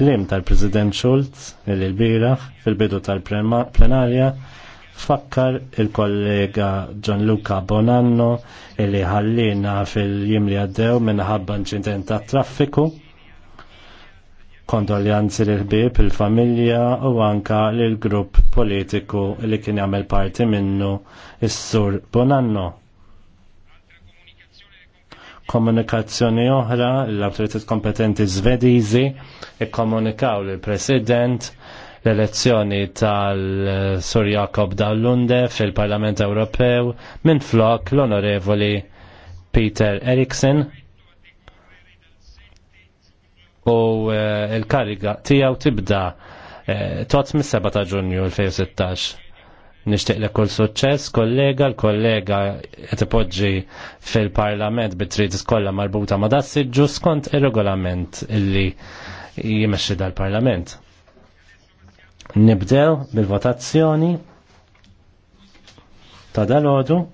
il-klim tal-President Schultz il bira fil-bidu tal-plenarja fakkar il-kollega Gianluca Bonanno li ħallina fil-jim li għaddew minħabba incident ta' traffiku kondoljanzi l-ħbib, il-familja u anka l-grupp politiku li kien jagħmel parti minnu is-sur Bonanno komunikazzjoni oħra l-autoritet kompetenti svedizi ikkomunikaw li president l-elezzjoni tal-Sur Jakob Dallunde fil-Parlament Ewropew minn flok l-onorevoli Peter Eriksen u eh, l kariga tiegħu tibda eh, tot mis-7 ta' ġunju 2016. Nishtiq li kull suċċess, kollega, l-kollega qed ipoġġi fil-parlament bit-trid kollha marbuta ma' ġu skont ir-regolament illi jimexxi dal-parlament. Nibdew bil-votazzjoni ta' dal-ħodu.